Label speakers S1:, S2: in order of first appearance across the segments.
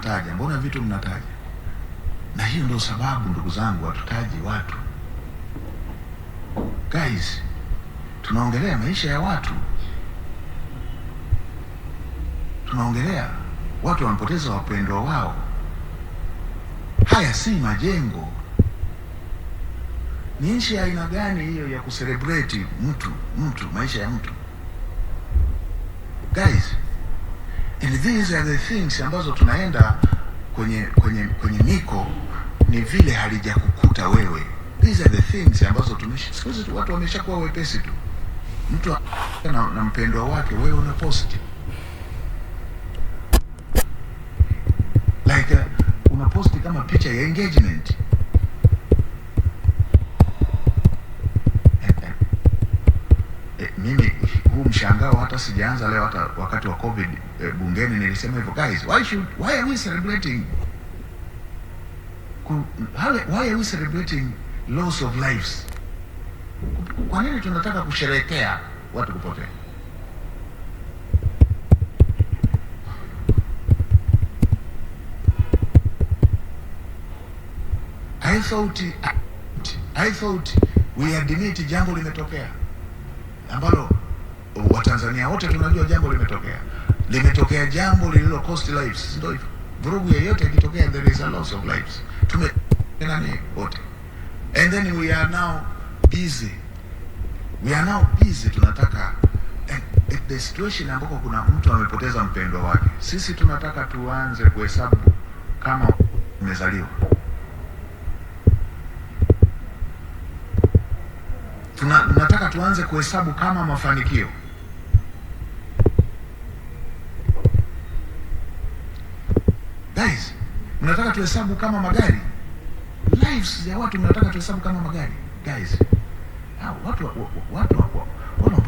S1: Taja, mbona vitu mnataja? Na hiyo ndio sababu ndugu zangu, hatutaji watu guys, tunaongelea maisha ya watu, tunaongelea watu wanapoteza wapendwa wao. Haya si majengo. Ni nchi ya aina gani hiyo ya kucelebrate mtu mtu maisha ya mtu guys? and these are the things ambazo tunaenda kwenye kwenye kwenye miko, ni vile halijakukuta wewe. These are the things ambazo tumesha, siku hizi watu wameshakuwa wepesi tu, mtu na, na mpendwa wake, wewe una posti like uh, una posti kama picha ya engagement mshangao hata sijaanza leo, hata wakati wa covid e, bungeni nilisema hivyo, guys why should why are we celebrating why are we celebrating loss of lives? Kwa nini tunataka kusherehekea watu kupotea? I thought I thought we admit jambo limetokea ambalo Tanzania wote tunajua jambo limetokea, limetokea jambo lililo cost lives, ndio hivyo. Vurugu yoyote ikitokea, there is a loss of lives, tume nani wote, and then we are now busy, we are now busy, tunataka at, the situation ambako kuna mtu amepoteza mpendwa wake, sisi tunataka tuanze kuhesabu kama umezaliwa tuna, nataka tuanze kuhesabu kama mafanikio. Guys, mnataka tuhesabu kama magari? Lives ya watu mnataka tuhesabu kama magari? Guys, hao watu watu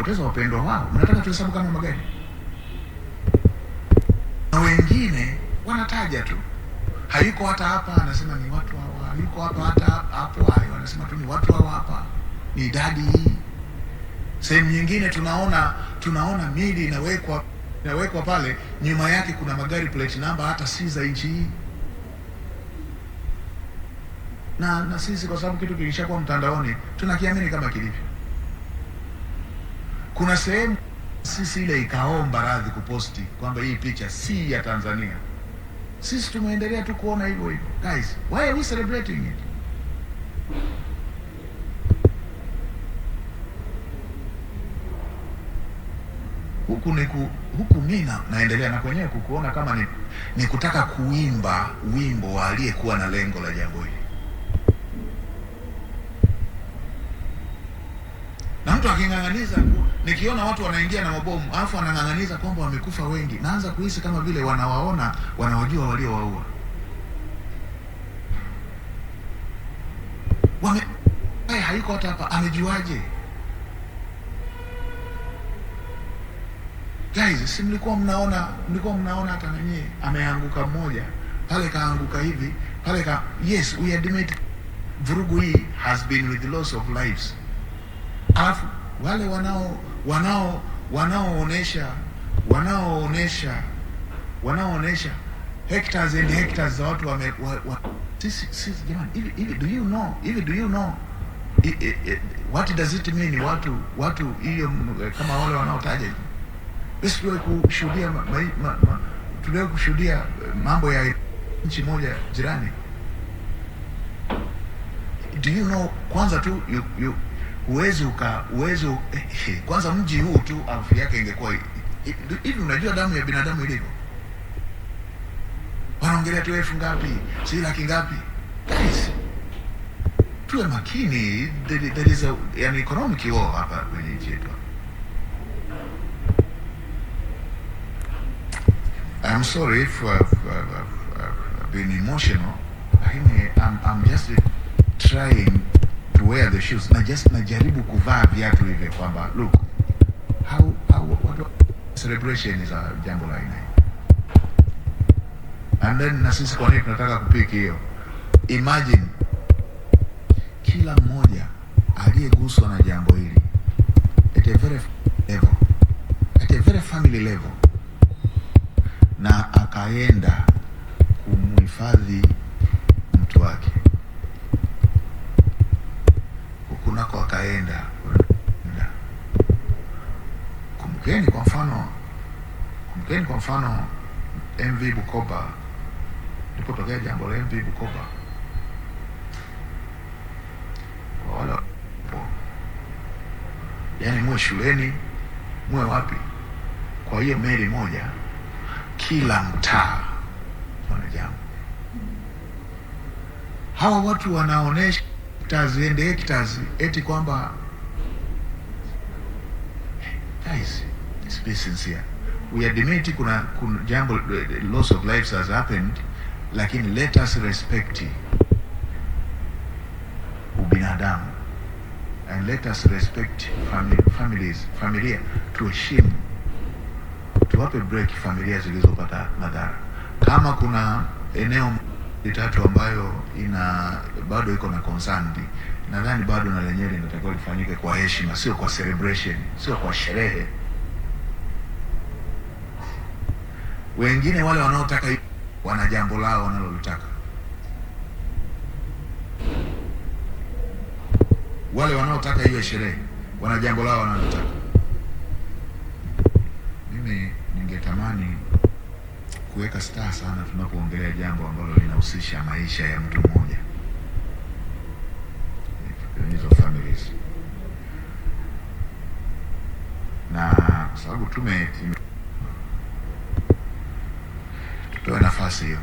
S1: watu wapendwa wao mnataka tuhesabu kama magari? Na wengine wanataja tu. Hayuko hata hapa anasema ni watu hawa. Hayuko hapa hata hapo hayo anasema tu ni watu hawa hapa. Ni idadi hii. Sehemu nyingine tunaona tunaona mili inawekwa yawekwa pale, nyuma yake kuna magari plate number hata si za nchi hii. Na, na sisi kwa sababu kitu kilishakuwa mtandaoni tunakiamini kama kilivyo. Kuna sehemu sisi ile ikaomba radhi kuposti kwamba hii picha si ya Tanzania. Sisi tumeendelea tu kuona hivyo hivyo. Guys, why are we celebrating it? huku ni ku, huku mina naendelea na kwenyewe kukuona kama ni, ni kutaka kuimba wimbo wa aliyekuwa na lengo la jambo hili. Na mtu aking'ang'aniza, nikiona watu wanaingia na mabomu alafu wanang'ang'aniza kwamba wamekufa wengi, naanza kuhisi kama vile wanawaona wanawajua waliowaua wame haiko hata hapa, amejuaje? Guys, si mlikuwa mnaona mlikuwa mnaona hata nanyi ameanguka mmoja pale kaanguka hivi pale ka yes we admit vurugu hii has been with loss of lives. Alafu wale wanao wanao wanaoonesha wanaoonesha wanaoonesha hectares and hectares za watu wame wa, wa, sisi sisi jamani, hivi hivi do you know hivi do you know I, I, I, what does it mean watu watu hiyo eh, kama wale wanaotaja sisi tuliwahi kushuhudia ma, ma, ma, ma, tuliwahi kushuhudia eh, mambo ya nchi moja jirani. Do you know, kwanza tu you, you, uwezi uka uwezi eh, eh, kwanza mji huu tu afya yake ingekuwa hivi. Unajua damu ya binadamu ilivyo, wanaongelea tu elfu ngapi, si laki ngapi? Guys, tuwe makini, there, there is a, an economic war hapa kwenye nchi yetu. I'm sorry for, for, for, for being emotional, lakini I'm, I'm just trying to wear the shoes na just najaribu kuvaa viatu hivi kwamba look how, how what, celebration is a jambo la aina and then na sisi kwa nini tunataka kupiki hiyo? Imagine kila mmoja aliyeguswa na jambo hili at a very level, at a very family level na akaenda kumhifadhi mtu wake hukunako, akaenda kumkeni. Kwa mfano kumkeni, kwa mfano MV Bukoba, lipotokea jambo la MV Bukoba, kwa yani, muwe shuleni muwe wapi, kwa hiyo meli moja kila mtaa mwanajambo. Hawa watu wanaonesha taziendetazi eti kwamba guys, let's be sincere. We admit kuna, kuna jambo loss of lives has happened, lakini let us respect ubinadamu and let us respect family, families, familia, tuheshimu wape break familia zilizopata madhara. Kama kuna eneo litatu ambayo ina bado iko na concern, nadhani bado na lenyewe linatakiwa lifanyike kwa heshima, sio kwa celebration, sio kwa sherehe. Wengine wale wanaotaka wana jambo lao wanalolitaka, wale wanaotaka hiyo sherehe wana jambo lao wanalotaka. Mimi ningetamani kuweka staa sana tunapoongelea jambo ambalo linahusisha maisha ya mtu mmoja hizo families, na kwa sababu tume tutoe nafasi hiyo,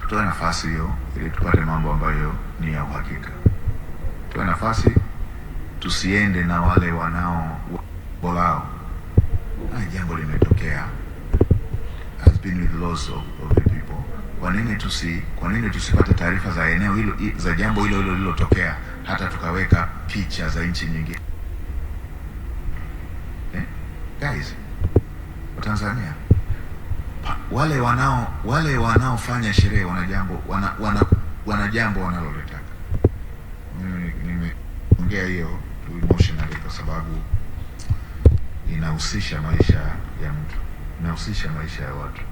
S1: tutoe nafasi hiyo ili tupate mambo ambayo ni ya uhakika. Tutoe nafasi, tusiende na wale wanao bolao na jambo limetokea, has been with loss of, of the people. Kwa nini tusi kwa nini tusipate taarifa za eneo hilo za jambo hilo hilo lilotokea hata tukaweka picha za nchi nyingine eh? Guys wa Tanzania pa, wale wanao wale wanaofanya sherehe wana jambo wana, wana, wana jambo wanalolitaka. Mimi nimeongea hiyo emotionally kwa sababu inahusisha maisha ya mtu, inahusisha maisha ya watu.